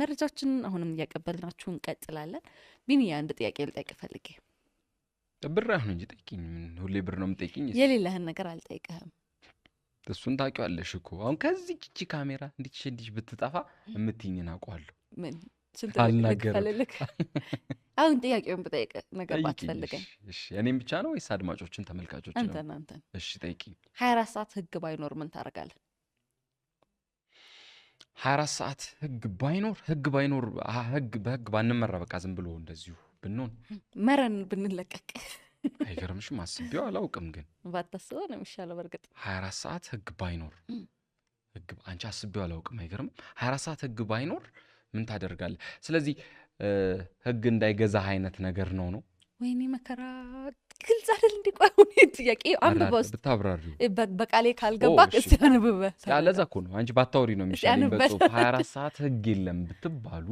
መረጃችንን አሁንም እያቀበልናችሁ እንቀጥላለን። ቢኒያ አንድ ጥያቄ ልጠይቅ ፈልጌ ብር አሁን እንጂ ጠይቅኝ። ሁሌ ብር ነው የምጠይቅኝ። የሌለህን ነገር አልጠይቅህም። እሱን ታውቂዋለሽ እኮ አሁን ከዚህ ቺቺ ካሜራ እንዲች እንዲች ብትጠፋ የምትይኝን አውቀዋለሁ። ምን ስንት አሁን ጥያቄውን ብጠይቅ ነገር ባትፈልገኝ እኔም ብቻ ነው ወይስ አድማጮችን ተመልካቾች ነው? አንተን። እሺ ጠይቅኝ። ሀያ አራት ሰዓት ህግ ባይኖር ምን ታደርጋለህ? 24 ሰዓት ህግ ባይኖር ህግ ባይኖር ህግ በህግ ባንመራ በቃ ዝም ብሎ እንደዚሁ ብንሆን መረን ብንለቀቅ አይገርምሽም? አስቤው አላውቅም፣ ግን ባታስበው ነው የሚሻለው። በእርግጥ 24 ሰዓት ህግ ባይኖር ህግ አንቺ አስቤው አላውቅም፣ አይገርምም? 24 ሰዓት ህግ ባይኖር ምን ታደርጋለህ? ስለዚህ ህግ እንዳይገዛህ አይነት ነገር ነው ነው ወይኔ መከራ ግልጽ አይደል? እንዲቆይ ጥያቄ አንብበ ውስጥ ብታብራሪ በቃሌ ካልገባ እስቲ አንብበ ለዛ እኮ ነው አንቺ ባታወሪ ነው የሚሻለኝ። በጽሁፍ 24 ሰዓት ህግ የለም ብትባሉ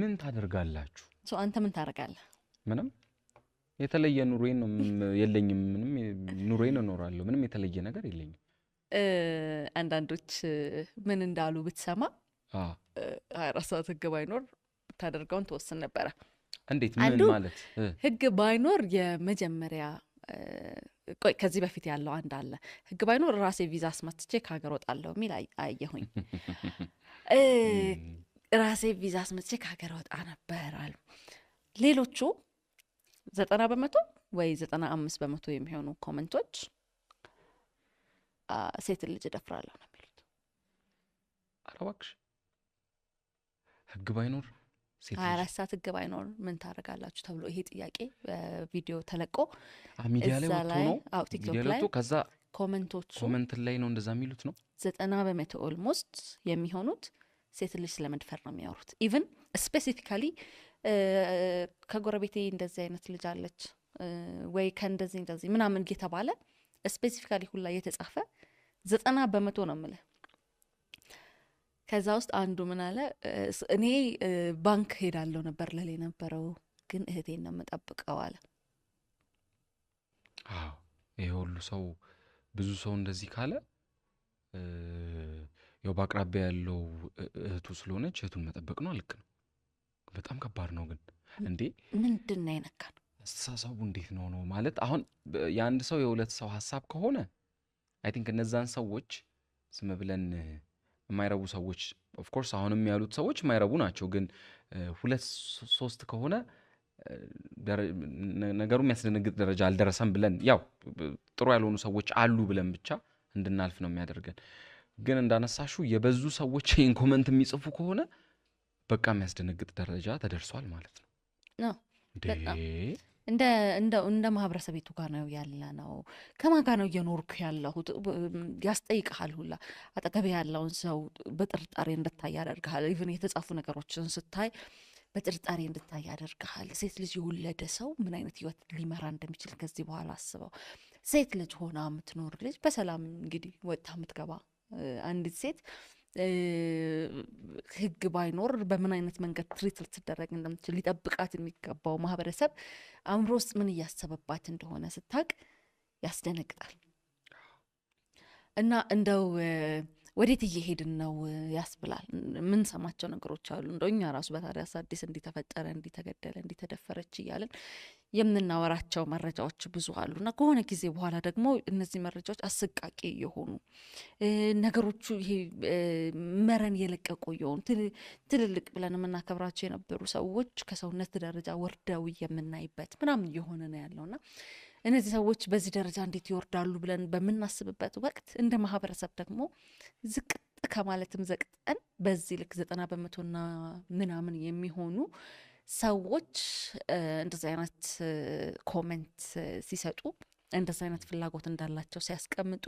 ምን ታደርጋላችሁ? አንተ ምን ታደርጋለህ? ምንም የተለየ ኑሮዬን ነው የለኝም። ምንም ኑሮዬን እኖራለሁ። ምንም የተለየ ነገር የለኝም። አንዳንዶች ምን እንዳሉ ብትሰማ 24 ሰዓት ህግ ባይኖር ብታደርገውን ትወስን ነበረ። እንዴት ምን ማለት ህግ ባይኖር የመጀመሪያ ቆይ ከዚህ በፊት ያለው አንድ አለ። ህግ ባይኖር ራሴ ቪዛ አስመትቼ ከሀገር ወጣለሁ የሚል አየሁኝ። ራሴ ቪዛ አስመትቼ ከሀገር ወጣ ነበር አሉ። ሌሎቹ ዘጠና በመቶ ወይ ዘጠና አምስት በመቶ የሚሆኑ ኮመንቶች ሴትን ልጅ እደፍራለሁ ነው የሚሉት። አረባክሽ ህግ ባይኖር ሀያ አራት ሰዓት ህግ አይኖር ምን ታደርጋላችሁ ተብሎ ይሄ ጥያቄ ቪዲዮ ተለቆ ሚዲያ ላይ ወጥቶ ነው ቲክቶክ ላይ ከዛ ኮመንቶቹ ኮመንት ላይ ነው እንደዛ የሚሉት ነው ዘጠና በመቶ ኦልሞስት የሚሆኑት ሴት ልጅ ስለመድፈር ነው የሚያወሩት ኢቨን ስፔሲፊካሊ ከጎረቤቴ እንደዚህ አይነት ልጅ አለች ወይ ከእንደዚህ እንደዚህ ምናምን እየተባለ ስፔሲፊካሊ ሁላ እየተጻፈ ዘጠና በመቶ ነው ምልህ ከዛ ውስጥ አንዱ ምን አለ፣ እኔ ባንክ ሄዳለሁ ነበር ለል የነበረው ግን እህቴን ነው የምጠብቀው አለ። አዎ ይሄ ሁሉ ሰው ብዙ ሰው እንደዚህ ካለ ያው በአቅራቢያ ያለው እህቱ ስለሆነች እህቱን መጠበቅ ነው። አልክ ነው። በጣም ከባድ ነው ግን እንዴ ምንድን ነው የነካ ነው አስተሳሰቡ እንዴት ነው ነው ማለት አሁን የአንድ ሰው የሁለት ሰው ሀሳብ ከሆነ አይ ቲንክ እነዛን ሰዎች ስም ብለን የማይረቡ ሰዎች ኦፍኮርስ አሁንም ያሉት ሰዎች የማይረቡ ናቸው፣ ግን ሁለት ሶስት ከሆነ ነገሩ የሚያስደነግጥ ደረጃ አልደረሰም ብለን ያው ጥሩ ያልሆኑ ሰዎች አሉ ብለን ብቻ እንድናልፍ ነው የሚያደርገን። ግን እንዳነሳሹ የበዙ ሰዎች ይህን ኮመንት የሚጽፉ ከሆነ በቃ የሚያስደነግጥ ደረጃ ተደርሷል ማለት ነው። እንደ እንደ ማህበረሰብ ጋር ነው ያለ ነው? ከማን ጋር ነው እየኖርኩ ያለሁት? ያስጠይቀሃል ሁላ አጠገቤ ያለውን ሰው በጥርጣሬ እንድታይ ያደርግሃል። ኢቨን የተጻፉ ነገሮችን ስታይ በጥርጣሬ እንድታይ ያደርግሃል። ሴት ልጅ የወለደ ሰው ምን አይነት ህይወት ሊመራ እንደሚችል ከዚህ በኋላ አስበው። ሴት ልጅ ሆና የምትኖር ልጅ በሰላም እንግዲህ ወጥታ የምትገባ አንዲት ሴት ህግ ባይኖር በምን አይነት መንገድ ትሪት ልትደረግ እንደምትችል ሊጠብቃት የሚገባው ማህበረሰብ አእምሮ ውስጥ ምን እያሰበባት እንደሆነ ስታቅ ያስደነግጣል። እና እንደው ወዴት እየሄድን ነው ያስብላል። ሰማቸው ነገሮች አሉ እንደ እኛ ራሱ በታዲያስ አዲስ እንዲተፈጠረ፣ እንዲተገደለ፣ እንዲተደፈረች እያለን የምናወራቸው መረጃዎች ብዙ እና ከሆነ ጊዜ በኋላ ደግሞ እነዚህ መረጃዎች አሰቃቂ የሆኑ ነገሮቹ ይሄ መረን የለቀቁ የሆኑ ትልልቅ ብለን የምናከብራቸው የነበሩ ሰዎች ከሰውነት ደረጃ ወርደው የምናይበት ምናምን እየሆነ ነው ያለውና እነዚህ ሰዎች በዚህ ደረጃ እንዴት ይወርዳሉ ብለን በምናስብበት ወቅት እንደ ማህበረሰብ ደግሞ ዝቅ ከማለትም ዘቅጠን በዚህ ልክ ዘጠና በመቶና ምናምን የሚሆኑ ሰዎች እንደዚ አይነት ኮሜንት ሲሰጡ እንደዚ አይነት ፍላጎት እንዳላቸው ሲያስቀምጡ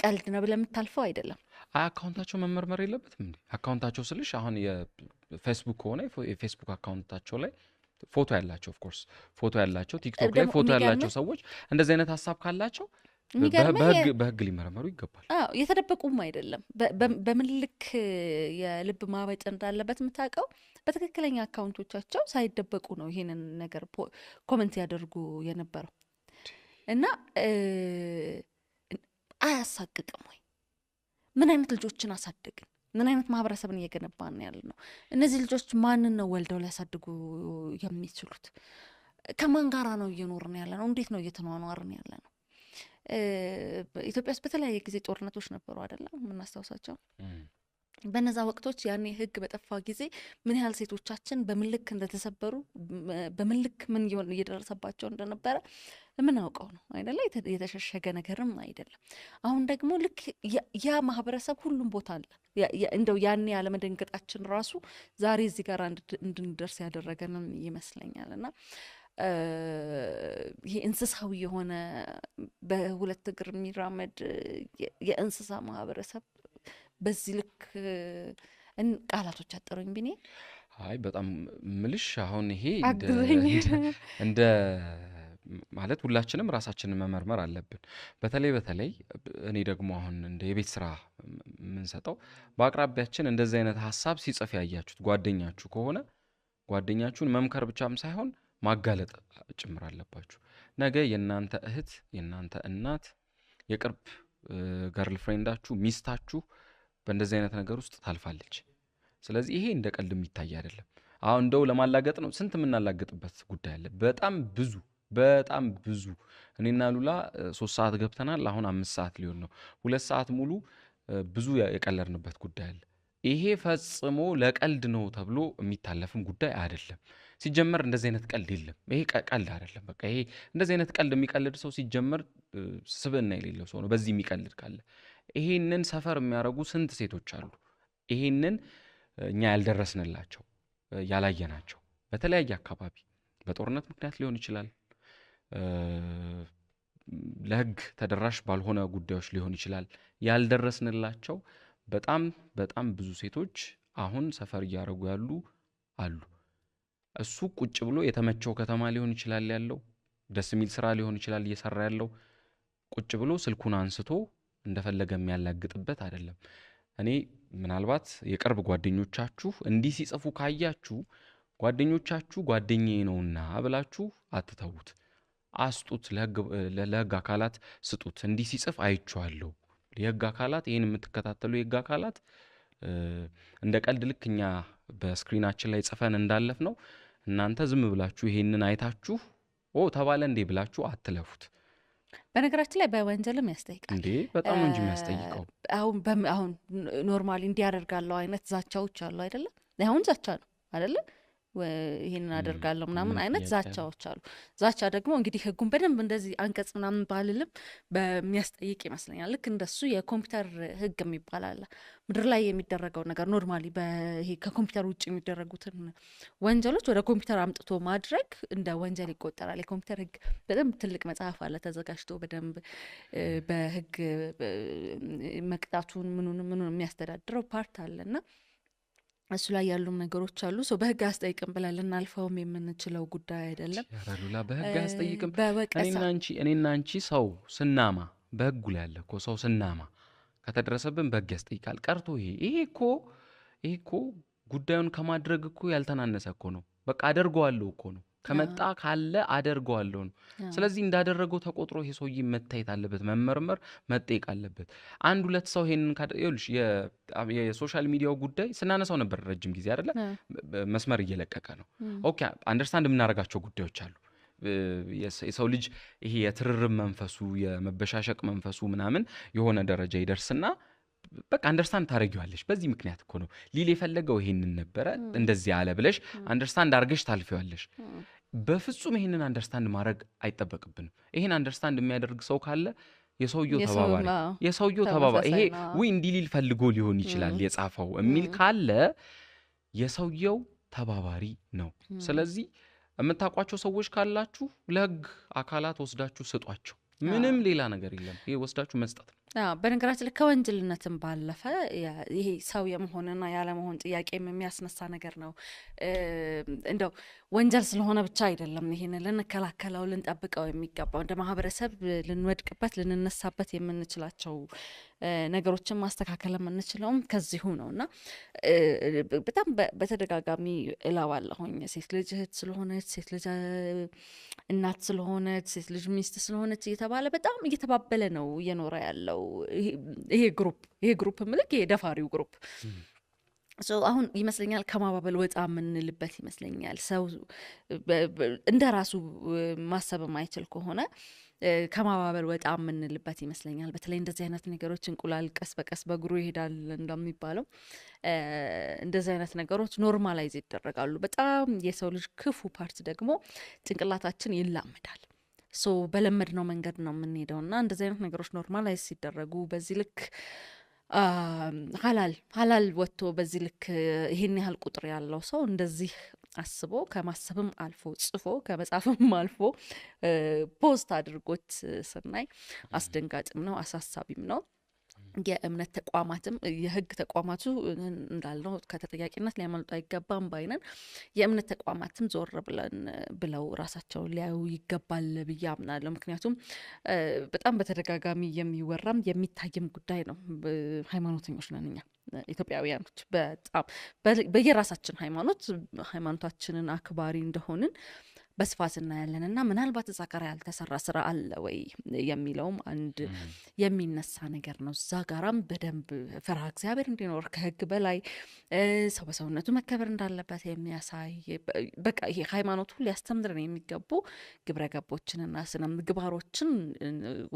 ቀልድ ነው ብለህ የምታልፈው አይደለም። አካውንታቸው መመርመር የለበትም እንዴ? አካውንታቸው ስልሽ አሁን የፌስቡክ ከሆነ የፌስቡክ አካውንታቸው ላይ ፎቶ ያላቸው ኦፍኮርስ ፎቶ ያላቸው ቲክቶክ ላይ ፎቶ ያላቸው ሰዎች እንደዚህ አይነት ሀሳብ ካላቸው በህግ ሊመረመሩ ይገባል። አዎ የተደበቁም አይደለም። በምን ልክ የልብ ማበጥ እንዳለበት የምታውቀው በትክክለኛ አካውንቶቻቸው ሳይደበቁ ነው ይሄንን ነገር ኮመንት ያደርጉ የነበረው እና አያሳቅቅም ወይ? ምን አይነት ልጆችን አሳደግን? ምን አይነት ማህበረሰብን እየገነባን ያለ ነው? እነዚህ ልጆች ማንን ነው ወልደው ሊያሳድጉ የሚችሉት? ከማን ጋራ ነው እየኖርን ያለ ነው? እንዴት ነው እየተኗኗርን ያለ ነው? ኢትዮጵያ ውስጥ በተለያየ ጊዜ ጦርነቶች ነበሩ አደለ የምናስታውሳቸው። በነዛ ወቅቶች ያኔ ህግ በጠፋ ጊዜ ምን ያህል ሴቶቻችን በምልክ እንደተሰበሩ በምልክ ምን እየደረሰባቸው እንደነበረ የምናውቀው ነው አይደለ? የተሸሸገ ነገርም አይደለም። አሁን ደግሞ ልክ ያ ማህበረሰብ ሁሉም ቦታ አለ። እንደው ያኔ ያለመደንገጣችን ራሱ ዛሬ እዚህ ጋር እንድንደርስ ያደረገንም ይመስለኛል እና ይሄ እንስሳዊ የሆነ በሁለት እግር የሚራመድ የእንስሳ ማህበረሰብ በዚህ ልክ ቃላቶች አጠሩኝ ቢኔ። አይ በጣም ምልሽ አሁን ይሄ እንደ ማለት ሁላችንም ራሳችንን መመርመር አለብን። በተለይ በተለይ እኔ ደግሞ አሁን እንደ የቤት ስራ የምንሰጠው በአቅራቢያችን እንደዚህ አይነት ሀሳብ ሲጽፍ ያያችሁት ጓደኛችሁ ከሆነ ጓደኛችሁን መምከር ብቻም ሳይሆን ማጋለጥ ጭምር አለባችሁ። ነገ የእናንተ እህት፣ የእናንተ እናት፣ የቅርብ ገርል ፍሬንዳችሁ፣ ሚስታችሁ በእንደዚህ አይነት ነገር ውስጥ ታልፋለች። ስለዚህ ይሄ እንደ ቀልድ የሚታይ አይደለም። አሁን እንደው ለማላገጥ ነው ስንት የምናላገጥበት ጉዳይ አለ። በጣም ብዙ በጣም ብዙ እኔና ሉላ ሶስት ሰዓት ገብተናል። አሁን አምስት ሰዓት ሊሆን ነው። ሁለት ሰዓት ሙሉ ብዙ የቀለድንበት ጉዳይ አለ። ይሄ ፈጽሞ ለቀልድ ነው ተብሎ የሚታለፍም ጉዳይ አይደለም። ሲጀመር እንደዚህ አይነት ቀልድ የለም። ይሄ ቀልድ አይደለም። በቃ ይሄ እንደዚህ አይነት ቀልድ የሚቀልድ ሰው ሲጀመር ስብዕና የሌለው ሰው ነው። በዚህ የሚቀልድ ካለ ይሄንን ሰፈር የሚያደርጉ ስንት ሴቶች አሉ። ይሄንን እኛ ያልደረስንላቸው ያላየናቸው በተለያየ አካባቢ በጦርነት ምክንያት ሊሆን ይችላል። ለህግ ተደራሽ ባልሆነ ጉዳዮች ሊሆን ይችላል። ያልደረስንላቸው በጣም በጣም ብዙ ሴቶች አሁን ሰፈር እያደረጉ ያሉ አሉ። እሱ ቁጭ ብሎ የተመቸው ከተማ ሊሆን ይችላል ያለው፣ ደስ የሚል ስራ ሊሆን ይችላል እየሰራ ያለው። ቁጭ ብሎ ስልኩን አንስቶ እንደፈለገ የሚያላግጥበት አይደለም። እኔ ምናልባት የቅርብ ጓደኞቻችሁ እንዲህ ሲጽፉ ካያችሁ ጓደኞቻችሁ ጓደኛዬ ነውና ብላችሁ አትተዉት፣ አስጡት፣ ለህግ አካላት ስጡት። እንዲህ ሲጽፍ አይቼዋለሁ። የህግ አካላት ይህን የምትከታተሉ የህግ አካላት እንደ ቀልድ ልክ እኛ በስክሪናችን ላይ ጽፈን እንዳለፍ ነው እናንተ ዝም ብላችሁ ይሄንን አይታችሁ ኦ ተባለ እንዴ ብላችሁ አትለፉት። በነገራችን ላይ በወንጀልም ያስጠይቃል እንዴ በጣም እንጂ የሚያስጠይቀው አሁን አሁን ኖርማሊ እንዲያደርጋለው አይነት ዛቻዎች አሉ አይደለም። አሁን ዛቻ ነው አይደለም ይህንን አደርጋለሁ ምናምን አይነት ዛቻዎች አሉ። ዛቻ ደግሞ እንግዲህ ህጉን በደንብ እንደዚህ አንቀጽ ምናምን ባልልም በሚያስጠይቅ ይመስለኛል። ልክ እንደሱ የኮምፒውተር ህግ የሚባላለ ምድር ላይ የሚደረገው ነገር ኖርማሊ ከኮምፒውተር ውጭ የሚደረጉትን ወንጀሎች ወደ ኮምፒውተር አምጥቶ ማድረግ እንደ ወንጀል ይቆጠራል። የኮምፒውተር ህግ በደንብ ትልቅ መጽሐፍ አለ ተዘጋጅቶ በደንብ በህግ መቅጣቱን ምኑን ምኑን የሚያስተዳድረው ፓርት አለና እሱ ላይ ያሉም ነገሮች አሉ። በህግ አስጠይቅም ብለን ልናልፈውም የምንችለው ጉዳይ አይደለም። ሉላ በህግ አስጠይቅም እኔና አንቺ ሰው ስናማ በህጉ ላይ ያለ እኮ ሰው ስናማ ከተደረሰብን በህግ ያስጠይቃል። ቀርቶ ይሄ ይሄ እኮ ይሄ እኮ ጉዳዩን ከማድረግ እኮ ያልተናነሰ እኮ ነው። በቃ አደርገዋለሁ እኮ ነው ከመጣ ካለ አደርገዋለሁ ነው። ስለዚህ እንዳደረገው ተቆጥሮ ይሄ ሰውዬ መታየት አለበት፣ መመርመር መጠየቅ አለበት። አንድ ሁለት ሰው ይሄንን ይኸውልሽ፣ የሶሻል ሚዲያው ጉዳይ ስናነሳው ነበር ረጅም ጊዜ አይደለ? መስመር እየለቀቀ ነው። ኦኬ አንደርስታንድ የምናደርጋቸው ጉዳዮች አሉ። የሰው ልጅ ይሄ የትርርብ መንፈሱ የመበሻሸቅ መንፈሱ ምናምን የሆነ ደረጃ ይደርስና በቃ አንደርስታንድ ታደረጊዋለሽ። በዚህ ምክንያት እኮ ነው ሊል የፈለገው ይሄንን ነበረ እንደዚህ አለ ብለሽ አንደርስታንድ አድርገሽ ታልፊዋለሽ። በፍጹም ይሄንን አንደርስታንድ ማድረግ አይጠበቅብንም። ይሄን አንደርስታንድ የሚያደርግ ሰው ካለ የሰውየው ተባባሪ የሰውየው ተባባሪ ይሄ ዊ እንዲህ ሊል ፈልጎ ሊሆን ይችላል የጻፈው የሚል ካለ የሰውየው ተባባሪ ነው። ስለዚህ የምታውቋቸው ሰዎች ካላችሁ ለህግ አካላት ወስዳችሁ ስጧቸው። ምንም ሌላ ነገር የለም። ይሄ ወስዳችሁ መስጠት ነው። በነገራችን ላይ ከወንጀልነትም ባለፈ ይሄ ሰው የመሆንና ያለመሆን ጥያቄም የሚያስነሳ ነገር ነው። እንደው ወንጀል ስለሆነ ብቻ አይደለም። ይሄን ልንከላከለው ልንጠብቀው የሚገባው እንደ ማህበረሰብ ልንወድቅበት ልንነሳበት የምንችላቸው ነገሮችን ማስተካከል የምንችለውም ከዚሁ ነው እና በጣም በተደጋጋሚ እላዋለሁኝ ሴት ልጅ እህት ስለሆነች፣ ሴት ልጅ እናት ስለሆነች፣ ሴት ልጅ ሚስት ስለሆነች እየተባለ በጣም እየተባበለ ነው እየኖረ ያለው ይሄ ግሩፕ ይሄ ግሩፕ ምልክ ይሄ ደፋሪው ግሩፕ አሁን ይመስለኛል ከማባበል ወጣ የምንልበት ይመስለኛል። ሰው እንደ ራሱ ማሰብ የማይችል ከሆነ ከማባበል ወጣ የምንልበት ይመስለኛል። በተለይ እንደዚህ አይነት ነገሮች እንቁላል ቀስ በቀስ በእግሩ ይሄዳል እንደሚባለው እንደዚህ አይነት ነገሮች ኖርማላይዝ ይደረጋሉ። በጣም የሰው ልጅ ክፉ ፓርት ደግሞ ጭንቅላታችን ይላመዳል። ሶ በለመድነው መንገድ ነው የምንሄደው እና እንደዚህ አይነት ነገሮች ኖርማላይዝ ሲደረጉ በዚህ ልክ ሀላል ሀላል ወጥቶ በዚህ ልክ ይሄን ያህል ቁጥር ያለው ሰው እንደዚህ አስቦ ከማሰብም አልፎ ጽፎ ከመጻፍም አልፎ ፖስት አድርጎት ስናይ አስደንጋጭም ነው፣ አሳሳቢም ነው። የእምነት ተቋማትም የህግ ተቋማቱ እንዳልነው ከተጠያቂነት ሊያመልጡ አይገባም ባይነን የእምነት ተቋማትም ዞር ብለን ብለው ራሳቸውን ሊያዩ ይገባል ብዬ አምናለሁ። ምክንያቱም በጣም በተደጋጋሚ የሚወራም የሚታይም ጉዳይ ነው። ሃይማኖተኞች ነን እኛ ኢትዮጵያውያኖች በጣም በየራሳችን ሃይማኖት ሃይማኖታችንን አክባሪ እንደሆንን በስፋት እናያለን እና ምናልባት እዛ ጋር ያልተሰራ ስራ አለ ወይ የሚለውም አንድ የሚነሳ ነገር ነው። እዛ ጋራም በደንብ ፍርሃ እግዚአብሔር እንዲኖር ከህግ በላይ ሰው በሰውነቱ መከበር እንዳለበት የሚያሳይ በቃ ይሄ ሃይማኖቱ ሊያስተምርን የሚገቡ ግብረ ገቦችንና ስነ ምግባሮችን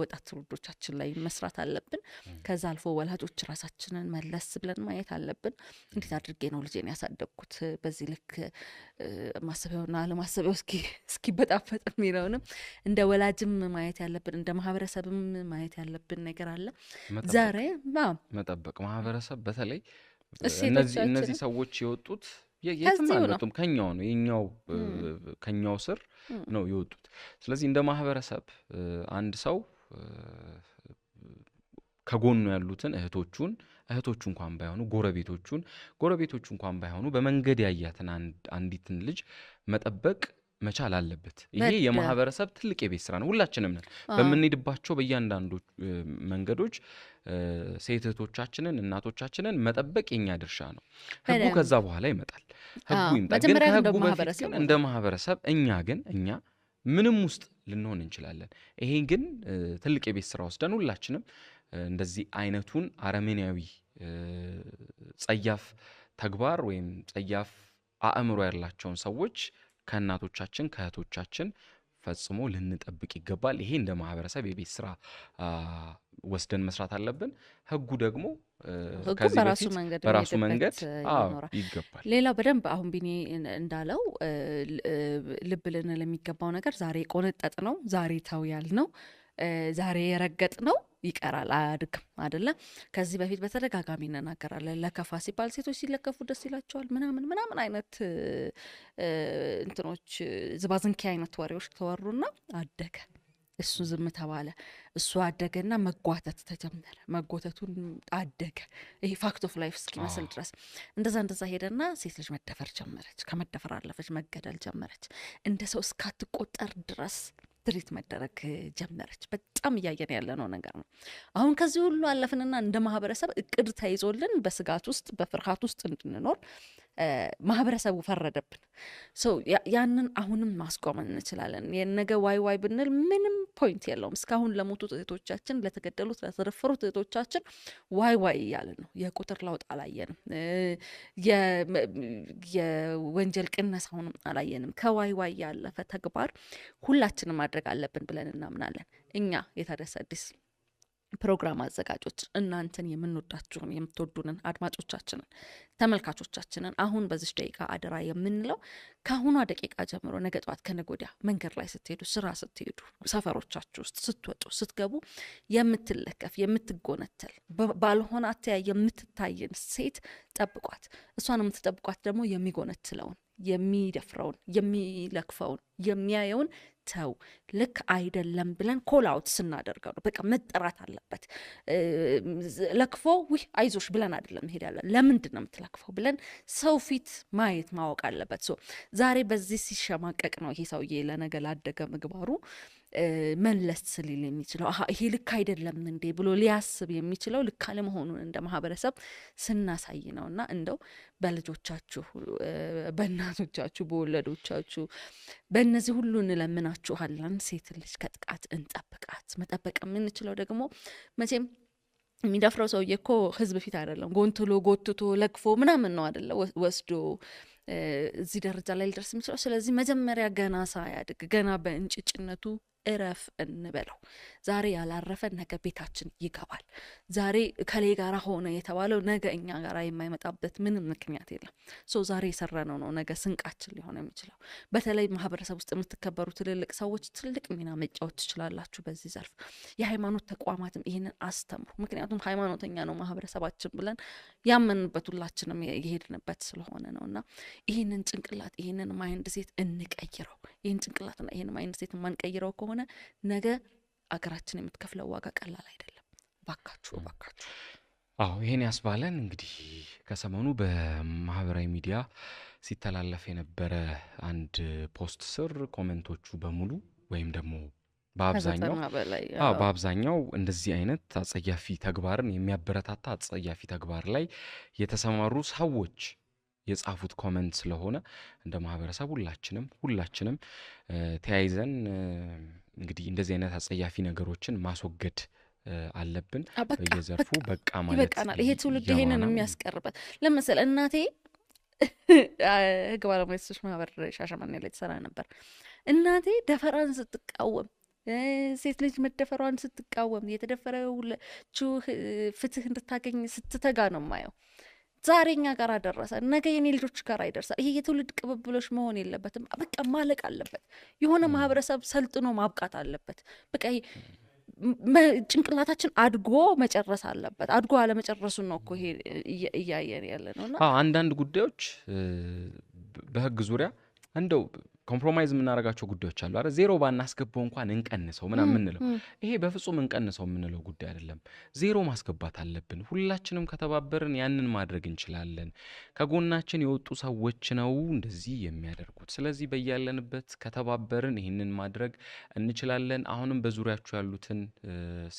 ወጣት ትውልዶቻችን ላይ መስራት አለብን። ከዛ አልፎ ወላጆች ራሳችንን መለስ ብለን ማየት አለብን። እንዴት አድርጌ ነው ልጄን ያሳደግኩት? በዚህ ልክ ማሰቢያውና አለማሰቢያው እስኪ እስኪበጣበጥ የሚለውንም እንደ ወላጅም ማየት ያለብን እንደ ማህበረሰብም ማየት ያለብን ነገር አለ። ዛሬ መጠበቅ ማህበረሰብ በተለይ እነዚህ ሰዎች የወጡት የትም አልመጡም፣ ከኛው ነው የኛው ከኛው ስር ነው የወጡት። ስለዚህ እንደ ማህበረሰብ አንድ ሰው ከጎኑ ያሉትን እህቶቹን እህቶቹ እንኳን ባይሆኑ ጎረቤቶቹን ጎረቤቶቹ እንኳን ባይሆኑ በመንገድ ያያትን አንዲትን ልጅ መጠበቅ መቻል አለበት። ይሄ የማህበረሰብ ትልቅ የቤት ስራ ነው። ሁላችንም ነን በምንሄድባቸው በእያንዳንዱ መንገዶች ሴት እህቶቻችንን እናቶቻችንን መጠበቅ የኛ ድርሻ ነው። ህጉ ከዛ በኋላ ይመጣል። ህጉ ይመጣል። ከህጉ በፊት ግን እንደ ማህበረሰብ እኛ ግን እኛ ምንም ውስጥ ልንሆን እንችላለን። ይሄ ግን ትልቅ የቤት ስራ ወስደን ሁላችንም እንደዚህ አይነቱን አረመኔያዊ ጸያፍ ተግባር ወይም ጸያፍ አእምሮ ያላቸውን ሰዎች ከእናቶቻችን ከእህቶቻችን ፈጽሞ ልንጠብቅ ይገባል። ይሄ እንደ ማህበረሰብ የቤት ስራ ወስደን መስራት አለብን። ህጉ ደግሞ በራሱ መንገድ በራሱ መንገድ ይገባል። ሌላው በደንብ አሁን ቢኔ እንዳለው ልብ ልንል የሚገባው ነገር ዛሬ ቆነጠጥ ነው ዛሬ ያል ነው ዛሬ የረገጥ ነው ይቀራል፣ አያድግም አደለ? ከዚህ በፊት በተደጋጋሚ እንናገራለን። ለከፋ ሲባል ሴቶች ሲለከፉ ደስ ይላቸዋል ምናምን ምናምን አይነት እንትኖች ዝባዝንኪ አይነት ወሬዎች ተወሩና አደገ። እሱ ዝም ተባለ። እሱ አደገና መጓተት ተጀመረ። መጎተቱን አደገ። ይሄ ፋክት ኦፍ ላይፍ እስኪመስል ድረስ እንደዛ እንደዛ ሄደና ሴት ልጅ መደፈር ጀመረች። ከመደፈር አለፈች፣ መገደል ጀመረች እንደ ሰው እስካትቆጠር ድረስ ትሪት መደረግ ጀመረች። በጣም እያየን ያለነው ነገር ነው። አሁን ከዚህ ሁሉ አለፍንና እንደ ማህበረሰብ እቅድ ተይዞልን በስጋት ውስጥ በፍርሃት ውስጥ እንድንኖር ማህበረሰቡ ፈረደብን። ያንን አሁንም ማስቆም እንችላለን። የነገ ዋይ ዋይ ብንል ምንም ፖይንት የለውም። እስካሁን ለሞቱት እህቶቻችን፣ ለተገደሉት፣ ለተደፈሩት እህቶቻችን ዋይ ዋይ እያልን ነው። የቁጥር ለውጥ አላየንም። የወንጀል ቅነሳውንም አላየንም። ከዋይ ዋይ ያለፈ ተግባር ሁላችንም ማድረግ አለብን ብለን እናምናለን። እኛ የታደሰ አዲስ ፕሮግራም አዘጋጆች እናንተን የምንወዳችሁን የምትወዱንን አድማጮቻችንን ተመልካቾቻችንን አሁን በዚች ደቂቃ አደራ የምንለው ከአሁኗ ደቂቃ ጀምሮ ነገ ጠዋት ከነገ መንገድ ላይ ስትሄዱ፣ ስራ ስትሄዱ፣ ሰፈሮቻችሁ ውስጥ ስትወጡ፣ ስትገቡ የምትለከፍ የምትጎነተል ባልሆነ አተያይ የምትታየን ሴት ጠብቋት። እሷን የምትጠብቋት ደግሞ የሚጎነትለውን የሚደፍረውን የሚለክፈውን የሚያየውን ተው ልክ አይደለም ብለን ኮላውት ስናደርገው ነው። በቃ መጠራት አለበት። ለክፎ ውህ አይዞሽ ብለን አይደለም መሄድ ያለን። ለምንድን ነው የምትለክፈው ብለን ሰው ፊት ማየት ማወቅ አለበት። ዛሬ በዚህ ሲሸማቀቅ ነው ይሄ ሰውዬ ለነገ ላደገ ምግባሩ መለስ ስሊል የሚችለው ይሄ ልክ አይደለም እንዴ ብሎ ሊያስብ የሚችለው ልክ አለመሆኑን እንደ ማህበረሰብ ስናሳይ ነው። እና እንደው በልጆቻችሁ፣ በእናቶቻችሁ፣ በወለዶቻችሁ በእነዚህ ሁሉ እንለምናችኋለን። ሴት ልጅ ከጥቃት እንጠብቃት። መጠበቅ የምንችለው ደግሞ መቼም የሚደፍረው ሰውዬ እኮ ህዝብ ፊት አይደለም፣ ጎንትሎ ጎትቶ ለግፎ ምናምን ነው አደለ ወስዶ እዚህ ደረጃ ላይ ሊደርስ የሚችለው። ስለዚህ መጀመሪያ ገና ሳያድግ ገና በእንጭጭነቱ እረፍ እንበለው። ዛሬ ያላረፈ ነገ ቤታችን ይገባል። ዛሬ ከሌ ጋራ ሆነ የተባለው ነገ እኛ ጋር የማይመጣበት ምንም ምክንያት የለም። ሶ ዛሬ የሰራነው ነው ነገ ስንቃችን ሊሆን የሚችለው። በተለይ ማህበረሰብ ውስጥ የምትከበሩ ትልልቅ ሰዎች ትልቅ ሚና መጫወት ትችላላችሁ በዚህ ዘርፍ። የሃይማኖት ተቋማትም ይህንን አስተምሩ። ምክንያቱም ሃይማኖተኛ ነው ማህበረሰባችን ብለን ያመንበት ሁላችንም የሄድንበት ስለሆነ ነው እና ይህንን ጭንቅላት ይህንን ማይንድ ሴት እንቀይረው። ይህን ጭንቅላትና ይህን ማይንድ ሴት የማንቀይረው ከሆነ ከሆነ ነገ አገራችን የምትከፍለው ዋጋ ቀላል አይደለም። ባካችሁ ባካችሁ። አዎ ይሄን ያስባለን። እንግዲህ ከሰሞኑ በማህበራዊ ሚዲያ ሲተላለፍ የነበረ አንድ ፖስት ስር ኮሜንቶቹ በሙሉ ወይም ደግሞ በአብዛኛው በአብዛኛው እንደዚህ አይነት አጸያፊ ተግባርን የሚያበረታታ አጸያፊ ተግባር ላይ የተሰማሩ ሰዎች የጻፉት ኮመንት ስለሆነ እንደ ማህበረሰብ ሁላችንም ሁላችንም ተያይዘን እንግዲህ እንደዚህ አይነት አጸያፊ ነገሮችን ማስወገድ አለብን። በየዘርፉ በቃ ማለት ይበቃናል። ይሄ ትውልድ ይሄንን የሚያስቀርበት ለምሳሌ እናቴ ህግ ባለሙያ ማህበር ሻሸመኔ ላይ ትሰራ ነበር። እናቴ ደፈራን ስትቃወም ሴት ልጅ መደፈሯን ስትቃወም የተደፈረችው ፍትህ እንድታገኝ ስትተጋ ነው የማየው። ዛሬ እኛ ጋር ደረሰ፣ ነገ የኔ ልጆች ጋር አይደርሳል። ይሄ የትውልድ ቅብብሎች መሆን የለበትም። በቃ ማለቅ አለበት። የሆነ ማህበረሰብ ሰልጥኖ ማብቃት አለበት። በቃ ጭንቅላታችን አድጎ መጨረስ አለበት። አድጎ አለመጨረሱን ነው እኮ ይሄ እያየን ያለ ነው። እና አንዳንድ ጉዳዮች በህግ ዙሪያ እንደው ኮምፕሮማይዝ የምናደርጋቸው ጉዳዮች አሉ አረ ዜሮ ባናስገባው እንኳን እንቀንሰው ምናምን የምንለው ይሄ በፍጹም እንቀንሰው የምንለው ጉዳይ አይደለም። ዜሮ ማስገባት አለብን። ሁላችንም ከተባበርን ያንን ማድረግ እንችላለን። ከጎናችን የወጡ ሰዎች ነው እንደዚህ የሚያደርጉት። ስለዚህ በያለንበት ከተባበርን ይህንን ማድረግ እንችላለን። አሁንም በዙሪያችሁ ያሉትን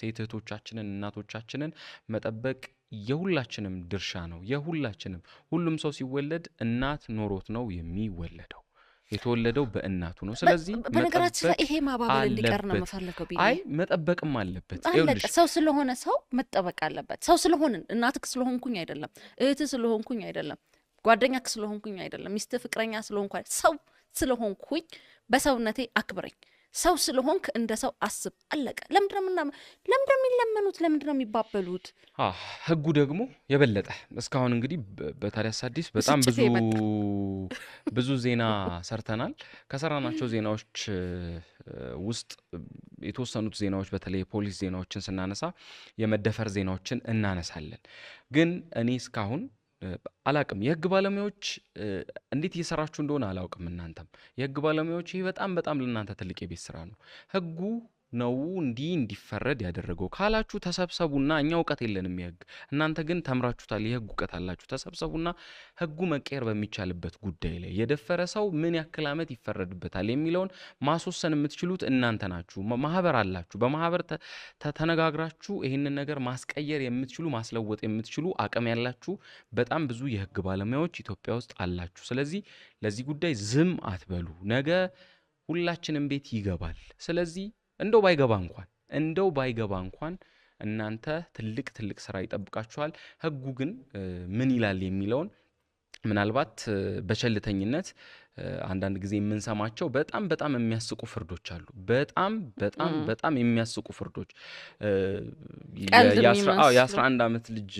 ሴት እህቶቻችንን እናቶቻችንን መጠበቅ የሁላችንም ድርሻ ነው። የሁላችንም ሁሉም ሰው ሲወለድ እናት ኖሮት ነው የሚወለደው። የተወለደው በእናቱ ነው። ስለዚህ በነገራችን ላይ ይሄ ማባበል እንዲቀር ነው የምፈልገው። ቢ አይ መጠበቅም አለበት ሰው ስለሆነ ሰው መጠበቅ አለበት። ሰው ስለሆን እናትክ ስለሆንኩኝ አይደለም፣ እህት ስለሆንኩኝ አይደለም፣ ጓደኛክ ስለሆንኩኝ አይደለም፣ ሚስት ፍቅረኛ ስለሆንኩ ሰው ስለሆንኩኝ በሰውነቴ አክብረኝ። ሰው ስለሆንክ እንደ ሰው አስብ። አለቀ። ለምድነምና ለምድነ የሚለመኑት? ለምድነ የሚባበሉት? ህጉ ደግሞ የበለጠ እስካሁን እንግዲህ በታዲያስ አዲስ በጣም ብዙ ብዙ ዜና ሰርተናል። ከሰራናቸው ዜናዎች ውስጥ የተወሰኑት ዜናዎች በተለይ የፖሊስ ዜናዎችን ስናነሳ የመደፈር ዜናዎችን እናነሳለን። ግን እኔ እስካሁን አላቅም የህግ ባለሙያዎች እንዴት እየሰራችሁ እንደሆነ አላውቅም። እናንተም የህግ ባለሙያዎች ይህ በጣም በጣም ለእናንተ ትልቅ የቤት ስራ ነው። ህጉ ነው እንዲህ እንዲፈረድ ያደረገው ካላችሁ ተሰብሰቡና፣ እኛ እውቀት የለንም የህግ እናንተ ግን ተምራችሁታል፣ የህግ እውቀት አላችሁ። ተሰብሰቡና ህጉ መቀየር በሚቻልበት ጉዳይ ላይ የደፈረ ሰው ምን ያክል ዓመት ይፈረድበታል የሚለውን ማስወሰን የምትችሉት እናንተ ናችሁ። ማህበር አላችሁ። በማህበር ተነጋግራችሁ ይህንን ነገር ማስቀየር የምትችሉ ማስለወጥ የምትችሉ አቅም ያላችሁ በጣም ብዙ የህግ ባለሙያዎች ኢትዮጵያ ውስጥ አላችሁ። ስለዚህ ለዚህ ጉዳይ ዝም አትበሉ። ነገ ሁላችንም ቤት ይገባል። ስለዚህ እንደው ባይገባ እንኳን እንደው ባይገባ እንኳን እናንተ ትልቅ ትልቅ ስራ ይጠብቃችኋል። ህጉ ግን ምን ይላል የሚለውን ምናልባት በቸልተኝነት አንዳንድ ጊዜ የምንሰማቸው በጣም በጣም የሚያስቁ ፍርዶች አሉ። በጣም በጣም በጣም የሚያስቁ ፍርዶች የአስራ አንድ ዓመት ልጅ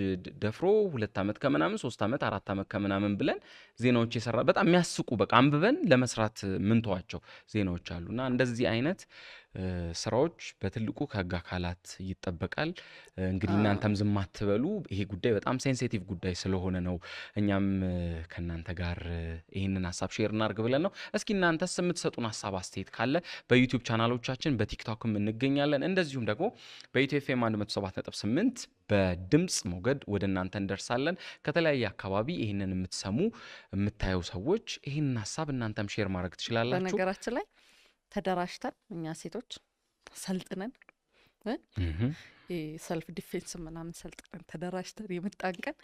ደፍሮ ሁለት ዓመት ከምናምን ሶስት ዓመት አራት ዓመት ከምናምን ብለን ዜናዎች የሰራ በጣም የሚያስቁ በቃ አንብበን ለመስራት ምንተዋቸው ዜናዎች አሉና እንደዚህ አይነት ስራዎች በትልቁ ከህግ አካላት ይጠበቃል። እንግዲህ እናንተም ዝም አትበሉ። ይሄ ጉዳይ በጣም ሴንሲቲቭ ጉዳይ ስለሆነ ነው እኛም ከእናንተ ጋር ይህንን ሀሳብ ሼር እናርግ ብለን ነው። እስኪ እናንተስ የምትሰጡን ሀሳብ አስተያየት ካለ በዩቲዩብ ቻናሎቻችን በቲክቶክም እንገኛለን። እንደዚሁም ደግሞ በኢትዮ ኤፍ 107.8 በድምፅ ሞገድ ወደ እናንተ እንደርሳለን። ከተለያየ አካባቢ ይህንን የምትሰሙ የምታየው ሰዎች ይህንን ሀሳብ እናንተም ሼር ማድረግ ትችላላችሁ። በነገራችን ላይ ተደራጅተን እኛ ሴቶች ሰልጥነን ሰልፍ ዲፌንስ ምናምን ሰልጥነን ተደራጅተን የመጣን ቀን